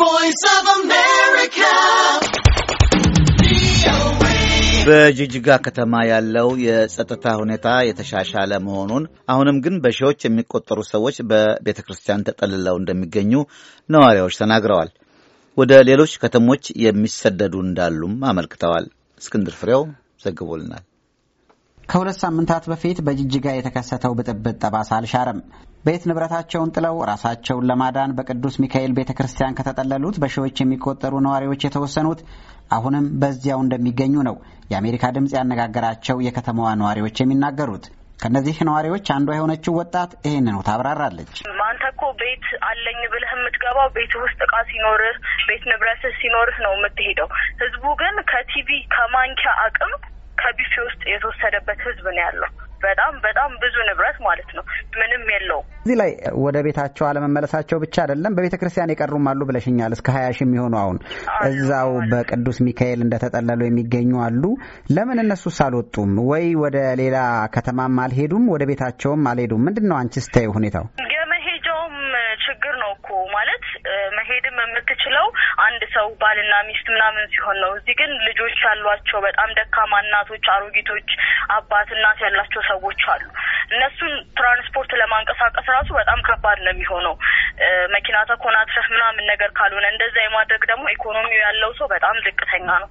voice of America. በጅጅጋ ከተማ ያለው የጸጥታ ሁኔታ የተሻሻለ መሆኑን አሁንም ግን በሺዎች የሚቆጠሩ ሰዎች በቤተ ክርስቲያን ተጠልለው እንደሚገኙ ነዋሪዎች ተናግረዋል። ወደ ሌሎች ከተሞች የሚሰደዱ እንዳሉም አመልክተዋል። እስክንድር ፍሬው ዘግቦልናል። ከሁለት ሳምንታት በፊት በጅጅጋ የተከሰተው ብጥብጥ ጠባሳ አልሻረም። ቤት ንብረታቸውን ጥለው ራሳቸውን ለማዳን በቅዱስ ሚካኤል ቤተ ክርስቲያን ከተጠለሉት በሺዎች የሚቆጠሩ ነዋሪዎች የተወሰኑት አሁንም በዚያው እንደሚገኙ ነው የአሜሪካ ድምፅ ያነጋገራቸው የከተማዋ ነዋሪዎች የሚናገሩት። ከእነዚህ ነዋሪዎች አንዷ የሆነችው ወጣት ይህንኑ ታብራራለች። አንተ እኮ ቤት አለኝ ብለህ የምትገባው ቤት ውስጥ እቃ ሲኖርህ፣ ቤት ንብረትህ ሲኖርህ ነው የምትሄደው። ህዝቡ ግን ከቲቪ ከማንኪያ አቅም ከቢፌ ውስጥ የተወሰደበት ህዝብ ነው ያለው። በጣም በጣም ብዙ ንብረት ማለት ነው። ምንም የለውም። እዚህ ላይ ወደ ቤታቸው አለመመለሳቸው ብቻ አይደለም፣ በቤተ ክርስቲያን የቀሩም አሉ ብለሽኛል። እስከ ሀያ ሺህ የሚሆኑ አሁን እዛው በቅዱስ ሚካኤል እንደተጠለሉ የሚገኙ አሉ። ለምን እነሱስ አልወጡም ወይ? ወደ ሌላ ከተማም አልሄዱም፣ ወደ ቤታቸውም አልሄዱም? ምንድን ነው አንቺ ስታይ ሁኔታው? አንድ ሰው ባልና ሚስት ምናምን ሲሆን ነው። እዚህ ግን ልጆች ያሏቸው በጣም ደካማ እናቶች፣ አሮጊቶች፣ አባት እናት ያላቸው ሰዎች አሉ። እነሱን ትራንስፖርት ለማንቀሳቀስ ራሱ በጣም ከባድ ነው የሚሆነው መኪና ተኮናትረህ ምናምን ነገር ካልሆነ። እንደዛ የማድረግ ደግሞ ኢኮኖሚው ያለው ሰው በጣም ዝቅተኛ ነው።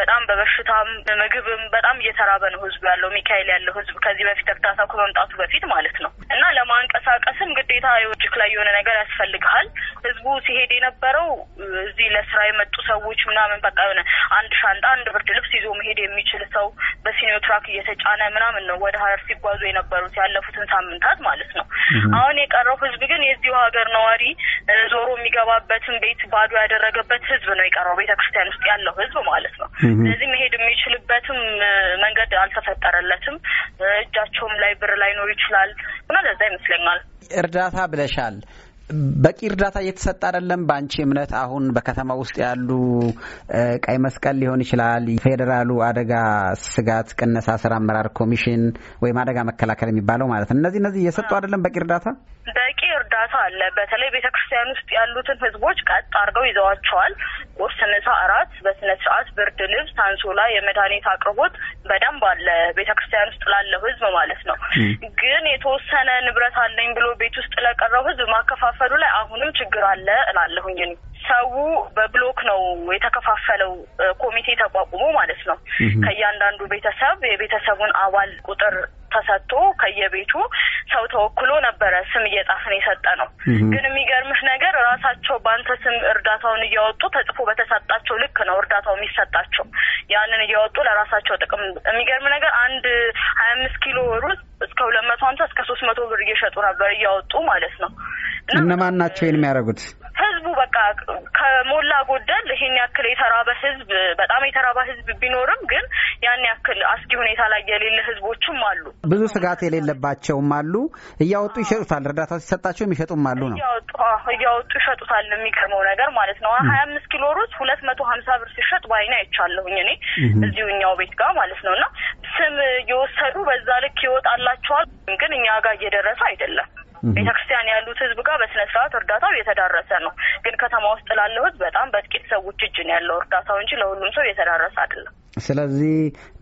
በጣም በበሽታም ምግብም በጣም እየተራበ ነው ህዝቡ ያለው። ሚካኤል ያለው ህዝብ ከዚህ በፊት እርዳታ ከመምጣቱ በፊት ማለት ነው እና ለመመለስም ግዴታ የወጅክ ላይ የሆነ ነገር ያስፈልግሃል። ህዝቡ ሲሄድ የነበረው እዚህ ለስራ የመጡ ሰዎች ምናምን በቃ የሆነ አንድ ሻንጣ አንድ ብርድ ልብስ ይዞ መሄድ የሚችል ሰው በሲኒዮ ትራክ እየተጫነ ምናምን ነው ወደ ሀረር ሲጓዙ የነበሩት ያለፉትን ሳምንታት ማለት ነው። አሁን የቀረው ህዝብ ግን የዚሁ ሀገር ነዋሪ ዞሮ የሚገባበትን ቤት ባዶ ያደረገበት ህዝብ ነው የቀረው፣ ቤተክርስቲያን ውስጥ ያለው ህዝብ ማለት ነው። ስለዚህ መሄድ የሚችልበትም መንገድ አልተፈጠረለትም። ላይ ብር ላይኖር ይችላል እና ለዛ ይመስለኛል እርዳታ ብለሻል በቂ እርዳታ እየተሰጠ አይደለም። በአንቺ እምነት አሁን በከተማ ውስጥ ያሉ ቀይ መስቀል ሊሆን ይችላል፣ ፌዴራሉ አደጋ ስጋት ቅነሳ ስራ አመራር ኮሚሽን ወይም አደጋ መከላከል የሚባለው ማለት ነው። እነዚህ እነዚህ እየሰጡ አይደለም በቂ እርዳታ በቂ እርዳታ አለ። በተለይ ቤተ ክርስቲያን ውስጥ ያሉትን ህዝቦች ቀጥ አድርገው ይዘዋቸዋል። ቁርስና እራት በስነ ስርዓት ብርድ ልብስ፣ አንሶላ፣ የመድኃኒት አቅርቦት በደንብ አለ ቤተ ክርስቲያን ውስጥ ላለው ህዝብ ማለት ነው። ግን የተወሰነ ንብረት አለኝ ብሎ ቤት ውስጥ ለቀረው ህዝብ ማከፋፈል በመከፋፈሉ ላይ አሁንም ችግር አለ እላለሁኝ። ሰው በብሎክ ነው የተከፋፈለው፣ ኮሚቴ ተቋቁሞ ማለት ነው። ከእያንዳንዱ ቤተሰብ የቤተሰቡን አባል ቁጥር ተሰጥቶ ከየቤቱ ሰው ተወክሎ ነበረ ስም እየጻፍን የሰጠ ነው። ግን የሚገርምህ ነገር ራሳቸው በአንተ ስም እርዳታውን እያወጡ ተጽፎ በተሰጣቸው ልክ ነው እርዳታው የሚሰጣቸው። ያንን እያወጡ ለራሳቸው ጥቅም የሚገርም ነገር አንድ ሀያ አምስት ኪሎ ሩዝ ከሁለት መቶ ሀምሳ እስከ ሶስት መቶ ብር እየሸጡ ነበር እያወጡ ማለት ነው። እነማን ናቸው ይህን የሚያደርጉት? ህዝቡ በቃ ከሞላ ጎደል ይሄን ያክል የተራበ ህዝብ በጣም የተራባ ህዝብ ቢኖርም ግን ያን ያክል አስጊ ሁኔታ ላይ የሌለ ህዝቦችም አሉ። ብዙ ስጋት የሌለባቸውም አሉ። እያወጡ ይሸጡታል። እርዳታ ሲሰጣቸው የሚሸጡም አሉ ነው እያወጡ እያወጡ ይሸጡታል። የሚገርመው ነገር ማለት ነው ሀያ አምስት ኪሎ ሩዝ ሁለት መቶ ሀምሳ ብር ሲሸጥ በአይኔ አይቻለሁኝ እኔ እዚሁ እኛው ቤት ጋር ማለት ነው እና ስም እየወሰዱ በዛ ልክ ይወጣላቸዋል። ግን እኛ ጋር እየደረሰ አይደለም። ቤተክርስቲያን ያሉት ህዝብ ጋር በስነ ስርዓት እርዳታው እየተዳረሰ ነው። ግን ከተማ ውስጥ ላለው ህዝብ በጣም በጥቂት ሰዎች እጅ ነው ያለው እርዳታው እንጂ ለሁሉም ሰው እየተዳረሰ አይደለም። ስለዚህ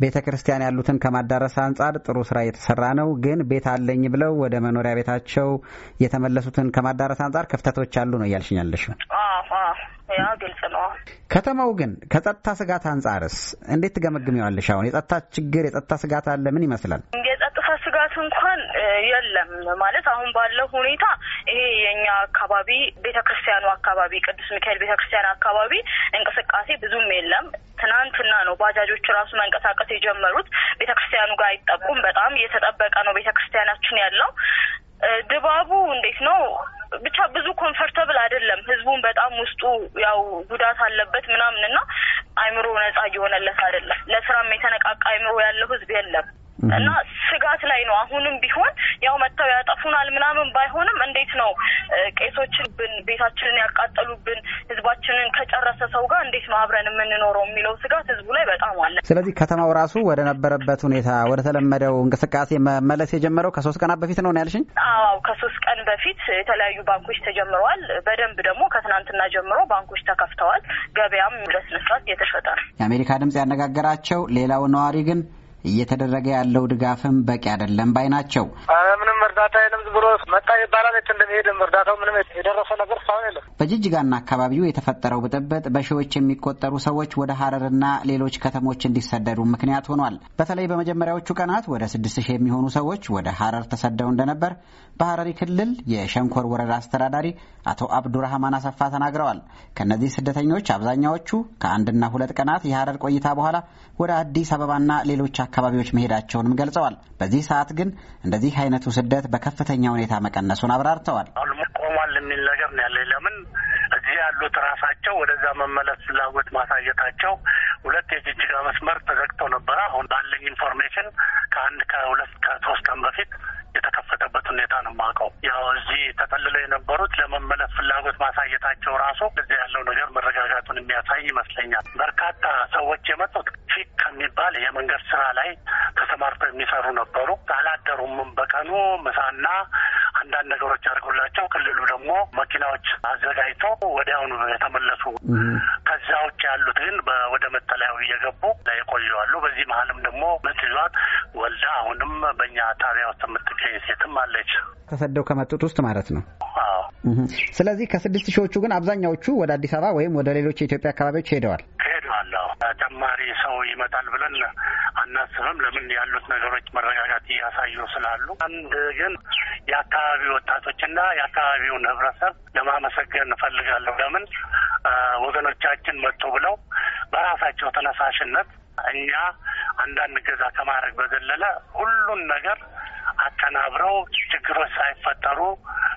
ቤተ ክርስቲያን ያሉትን ከማዳረስ አንጻር ጥሩ ስራ እየተሰራ ነው። ግን ቤት አለኝ ብለው ወደ መኖሪያ ቤታቸው የተመለሱትን ከማዳረስ አንጻር ክፍተቶች አሉ ነው እያልሽኛለሽ? ያ ግልጽ ነው። ከተማው ግን ከጸጥታ ስጋት አንጻርስ እንዴት ትገመግሚዋለሽ? አሁን የጸጥታ ችግር የጸጥታ ስጋት አለ ምን ይመስላል? የጸጥታ ስጋት እንኳን የለም ማለት አሁን ባለው ሁኔታ ይሄ የእኛ አካባቢ ቤተ ክርስቲያኑ አካባቢ ቅዱስ ሚካኤል ቤተ ክርስቲያን አካባቢ እንቅስቃሴ ብዙም የለም። ትናንትና ነው ባጃጆች ራሱ መንቀሳቀስ የጀመሩት። ቤተ ክርስቲያኑ ጋር አይጠቁም። በጣም እየተጠበቀ ነው ቤተ ክርስቲያናችን ያለው ድባቡ እንዴት ነው ብቻ ብዙ ኮንፈርተብል አይደለም። ህዝቡን በጣም ውስጡ ያው ጉዳት አለበት ምናምን እና አይምሮ ነጻ እየሆነለት አይደለም። ለስራም የተነቃቃ አይምሮ ያለው ህዝብ የለም። እና ስጋት ላይ ነው። አሁንም ቢሆን ያው መጥተው ያጠፉናል ምናምን ባይሆንም እንዴት ነው ቄሶችን ብን ቤታችንን ያቃጠሉብን ህዝባችንን ከጨረሰ ሰው ጋር እንዴት ነው አብረን የምንኖረው የሚለው ስጋት ህዝቡ ላይ በጣም አለ። ስለዚህ ከተማው ራሱ ወደ ነበረበት ሁኔታ ወደ ተለመደው እንቅስቃሴ መመለስ የጀመረው ከሶስት ቀናት በፊት ነው ያልሽኝ? አዎ ከሶስት ቀን በፊት የተለያዩ ባንኮች ተጀምረዋል። በደንብ ደግሞ ከትናንትና ጀምሮ ባንኮች ተከፍተዋል። ገበያም በስነስርዓት እየተሸጠ ነው። የአሜሪካ ድምጽ ያነጋገራቸው ሌላው ነዋሪ ግን እየተደረገ ያለው ድጋፍም በቂ አይደለም ባይ ናቸው። ምንም እርዳታ የለም ብሎ መጣ ይባላል እንደሚሄድም እርዳታው ምንም የደረሰ ነገር እስካሁን የለም። በጅጅጋና አካባቢው የተፈጠረው ብጥብጥ በሺዎች የሚቆጠሩ ሰዎች ወደ ሀረርና ሌሎች ከተሞች እንዲሰደዱ ምክንያት ሆኗል። በተለይ በመጀመሪያዎቹ ቀናት ወደ ስድስት ሺህ የሚሆኑ ሰዎች ወደ ሀረር ተሰደው እንደነበር በሀረሪ ክልል የሸንኮር ወረዳ አስተዳዳሪ አቶ አብዱራህማን አሰፋ ተናግረዋል። ከእነዚህ ስደተኞች አብዛኛዎቹ ከአንድና ሁለት ቀናት የሀረር ቆይታ በኋላ ወደ አዲስ አበባና ሌሎች አካባቢ አካባቢዎች መሄዳቸውንም ገልጸዋል። በዚህ ሰዓት ግን እንደዚህ አይነቱ ስደት በከፍተኛ ሁኔታ መቀነሱን አብራርተዋል። ቆሟል የሚል ነገር ነው ያለ። ለምን እዚህ ያሉት ራሳቸው ወደዛ መመለስ ፍላጎት ማሳየታቸው ሁለት የጅጅጋ መስመር ተዘግቶ ነበረ። አሁን ባለኝ ኢንፎርሜሽን ከአንድ ከሁለት ከሶስት ቀን በፊት የተከፈተበት ሁኔታ ነው የማውቀው። ያው እዚህ ተጠልለው የነበሩት ለመመለስ ፍላጎት ማሳየታቸው ራሱ እዚህ ያለው ነገር መረጋጋቱን የሚያሳይ ይመስለኛል። በርካታ ሰዎች የመ መንገድ ስራ ላይ ተሰማርተው የሚሰሩ ነበሩ። አላደሩምም። በቀኑ ምሳና አንዳንድ ነገሮች አድርጎላቸው ክልሉ ደግሞ መኪናዎች አዘጋጅቶ ወዲያውኑ የተመለሱ። ከዛ ውጭ ያሉት ግን ወደ መጠለያው እየገቡ የቆየዋሉ። በዚህ መሀልም ደግሞ ምጥ ይዟት ወልዳ አሁንም በእኛ ጣቢያ ውስጥ የምትገኝ ሴትም አለች። ተሰደው ከመጡት ውስጥ ማለት ነው። ስለዚህ ከስድስት ሺዎቹ ግን አብዛኛዎቹ ወደ አዲስ አበባ ወይም ወደ ሌሎች የኢትዮጵያ አካባቢዎች ሄደዋል። ተጨማሪ ሰው ይመጣል ብለን አናስብም። ለምን ያሉት ነገሮች መረጋጋት እያሳዩ ስላሉ፣ አንድ ግን የአካባቢ ወጣቶችና የአካባቢውን ህብረተሰብ ለማመሰገን እንፈልጋለሁ። ለምን ወገኖቻችን መጡ ብለው በራሳቸው ተነሳሽነት እኛ አንዳንድ ገዛ ከማድረግ በዘለለ ሁሉን ነገር አቀናብረው ችግሮች ሳይፈጠሩ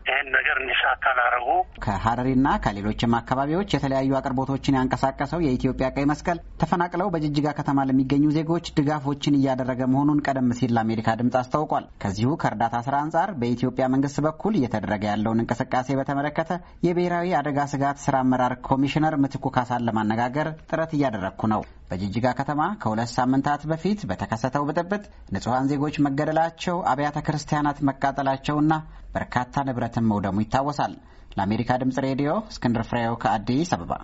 ይህን ነገር እንዲሳካ ላደረጉ ከሀረሪና ከሌሎችም አካባቢዎች የተለያዩ አቅርቦቶችን ያንቀሳቀሰው የኢትዮጵያ ቀይ መስቀል ተፈናቅለው በጅጅጋ ከተማ ለሚገኙ ዜጎች ድጋፎችን እያደረገ መሆኑን ቀደም ሲል ለአሜሪካ ድምፅ አስታውቋል። ከዚሁ ከእርዳታ ስራ አንጻር በኢትዮጵያ መንግስት በኩል እየተደረገ ያለውን እንቅስቃሴ በተመለከተ የብሔራዊ አደጋ ስጋት ስራ አመራር ኮሚሽነር ምትኩ ካሳን ለማነጋገር ጥረት እያደረግኩ ነው። በጅጅጋ ከተማ ከሁለት ሳምንታት በፊት በተከሰተው ብጥብጥ ንጹሐን ዜጎች መገደላቸው፣ አብያተ ክርስቲያናት መቃጠላቸውና በርካታ ንብረትን መውደሙ ይታወሳል። ለአሜሪካ ድምፅ ሬዲዮ እስክንድር ፍሬው ከአዲስ አበባ